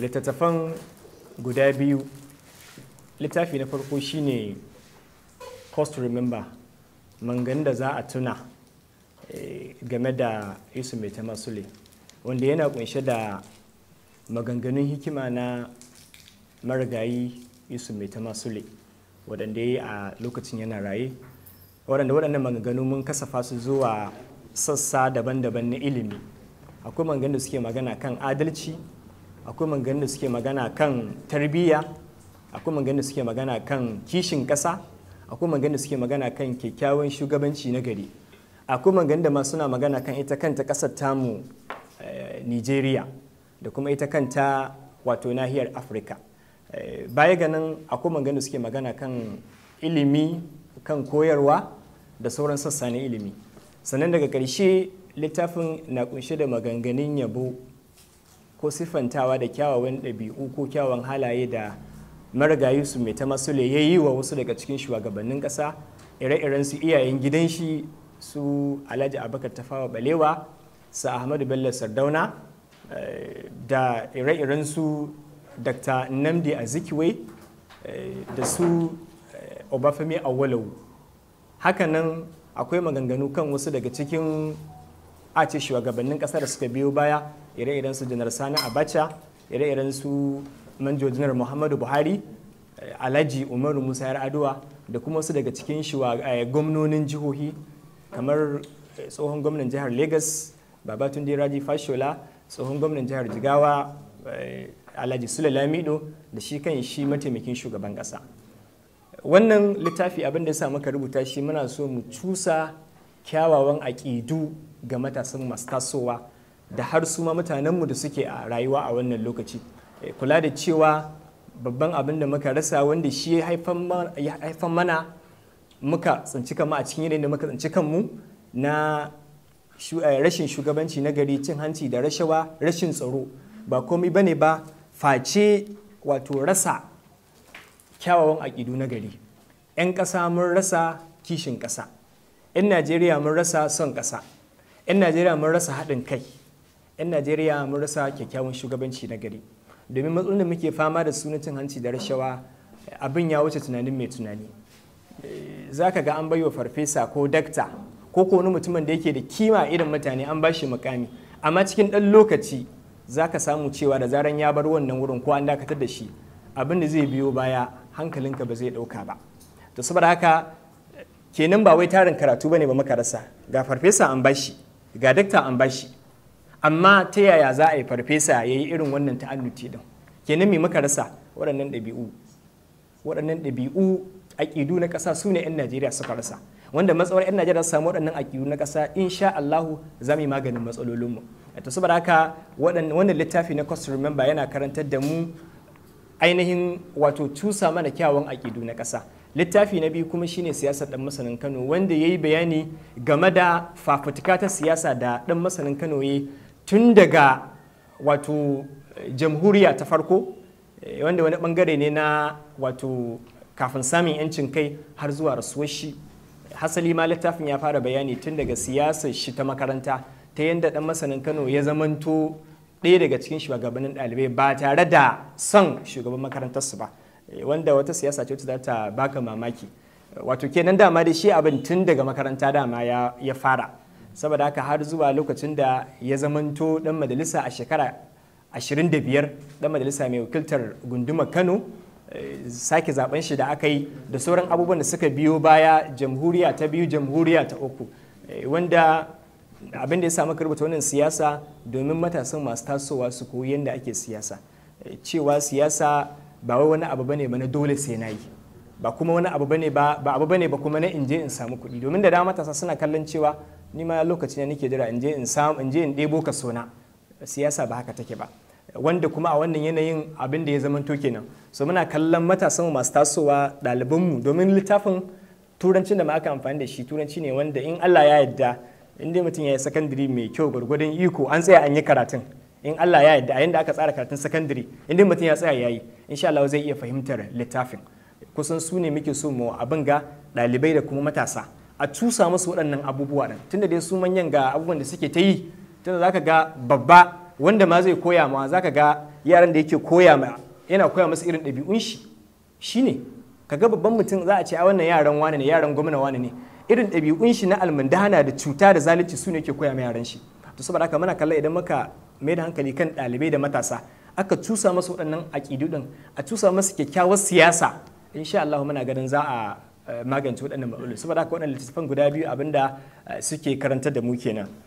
littattafan guda biyu littafi na farko shine cost to remember mangan da za a tuna eh, game da isu mai ta masule wanda yana kunshe da maganganun hikima na marigayi isu mai ta masule waɗanda ya yi a lokacin yana raye waɗanda waɗannan maganganu mun kasafa su zuwa sassa daban-daban na ilimi akwai manganin da suke magana kan adalci akwai maganganun da suke magana kan tarbiyya akwai maganganun da suke magana kan kishin ƙasa akwai maganganun da suke magana kan kyakkyawan shugabanci na gari akwai maganganun da ma suna magana kan ita kanta ƙasar tamu eh, nigeria da kuma ita kanta wato nahiyar afirka eh, baya ganin akwai maganganun da suke magana kan ilimi kan koyarwa da sauran sassa na ilimi sannan daga ƙarshe littafin na kunshe da maganganun yabo ko siffantawa da kyawawan ɗabi'u ko kyawawan halaye da marigayi su mai ta masule ya yi wa wasu daga cikin shugabannin ƙasa ire-iren su iyayen gidan shi su alhaji abakar tafawa balewa su ahmadu bello sardauna eh, da ire-iren su dr namdi azikiwe eh, da su eh, obafemi awolowo hakanan akwai maganganu kan wasu daga cikin a ce shugabannin kasar da suka biyo baya ire-iren su janar sani abacha ire-iren su manjo janar muhammadu buhari eh, alhaji umaru musa yar adowa da kuma su daga cikin eh, gwamnonin jihohi kamar eh, tsohon gwamnan jihar lagos babatunde raji fashola tsohon gwamnan jihar jigawa alhaji sule lamido da shi kan shi mataimakin shugaban kasa wannan littafi abin da ya sa muka rubuta shi muna so mu cusa kyawawan aƙidu ga matasan masu tasowa da har su ma mutanenmu da suke a rayuwa a wannan lokaci eh, kula da cewa babban abin da muka rasa wanda shi ya haifan mana muka tsinci kama a cikin yanayin da muka tsinci kanmu na eh, rashin shugabanci na gari cin hanci da rashawa rashin tsaro ba komai bane ba face wato rasa kyawawan aƙidu na gari 'yan ƙasa mun rasa kishin ƙasa 'yan najeriya mun rasa son ƙasa 'yan najeriya mun rasa haɗin kai 'yan najeriya mun rasa kyakkyawan shugabanci na gari domin matsalolin da muke fama da sunan cin hanci da rashawa abin ya wuce tunanin mai tunani za ka ga an wa farfesa ko dakta ko ko wani mutumin da yake da kima irin mutane an ba shi mukami amma cikin ɗan lokaci za ka samu cewa da zaran ya bar wannan wurin ko an dakatar da shi abin da zai biyo baya hankalinka ba zai ɗauka ba to saboda haka kenan ba wai tarin karatu bane ba muka rasa ga farfesa an bashi ga dakta an bashi amma ta yaya za a yi farfesa ya yi irin wannan ta'alluti din kenan me muka rasa waɗannan ɗabi'u waɗannan ɗabi'u aƙidu na ƙasa su ne 'yan najeriya suka rasa wanda matsawar 'yan najeriya su samu waɗannan aƙidu na ƙasa insha allahu za mu yi maganin matsalolinmu ta saboda haka wannan littafi na cost remember yana karantar da mu ainihin wato tusa mana kyawun aƙidu na ƙasa littafi na biyu kuma shine siyasar dan masanin kano wanda ya yi bayani game da fafutuka ta siyasa da dan masanin kano ya tun daga wato eh, jamhuriya ta farko eh, wanda wani bangare ne na wato kafin samun yancin kai har zuwa rasuwar shi hasali ma littafin ya fara bayani tun daga siyasar shi ta makaranta ta yadda dan masanin kano ya zamanto ɗaya daga cikin shugabannin ɗalibai ba tare da son shugaban makarantarsu ba wanda wata siyasa ce za ta baka mamaki wato kenan dama da shi abin tun daga makaranta dama ya fara saboda haka har zuwa lokacin da ya zamanto dan majalisa a shekara 25 dan majalisa mai wakiltar gunduma kano eh, sake zaben shi da aka yi da sauran abubuwan da suka biyo baya jamhuriya ta biyu jamhuriya ta uku eh, wanda abin da ya samu rubuta wannan siyasa domin matasan masu tasowa su koyi yadda ake siyasa eh, cewa siyasa ba wai wani abu bane ba na dole sai na yi ba kuma wani abu bane ba ba abu bane ba kuma na inje in samu kuɗi domin da dama matasa suna kallon cewa ni ma lokaci ne nake jira inje in samu inje in ɗebo sona siyasa ba haka take ba wanda kuma a wannan yanayin abin da ya zamanto kenan so muna kallon matasan masu tasowa mu domin littafin turancin da ma aka amfani da shi turanci ne wanda in Allah ya yarda in dai mutum ya yi secondary mai kyau gwargwadon iko an tsaya an yi karatun in Allah ya yarda a yanda aka tsara karatun secondary in dai mutum ya tsaya ya yi insha Allah zai iya fahimtar littafin kusan su ne muke so mu abin ga ɗalibai da kuma matasa a tusa musu waɗannan abubuwa ɗin tunda dai su manyan ga abubuwan da suke ta yi tunda zaka ga babba wanda ma zai koya ma zaka ga yaran da yake koya ma yana koya musu irin ɗabi'un shi shine kaga babban mutum za a ce a wannan yaran wane ne yaran gwamna wane ne irin ɗabi'un shi na almundana da cuta da zalunci su ne ke koya ma yaran shi to saboda haka muna kalla idan muka mai da hankali kan ɗalibai da matasa aka cusa masu waɗannan aƙidu din a cusa masu kyakkyawar siyasa insha Allah muna ganin za a eh, magance waɗannan matsaloli saboda haka waɗannan littattafan guda biyu abinda eh, suke karantar da mu kenan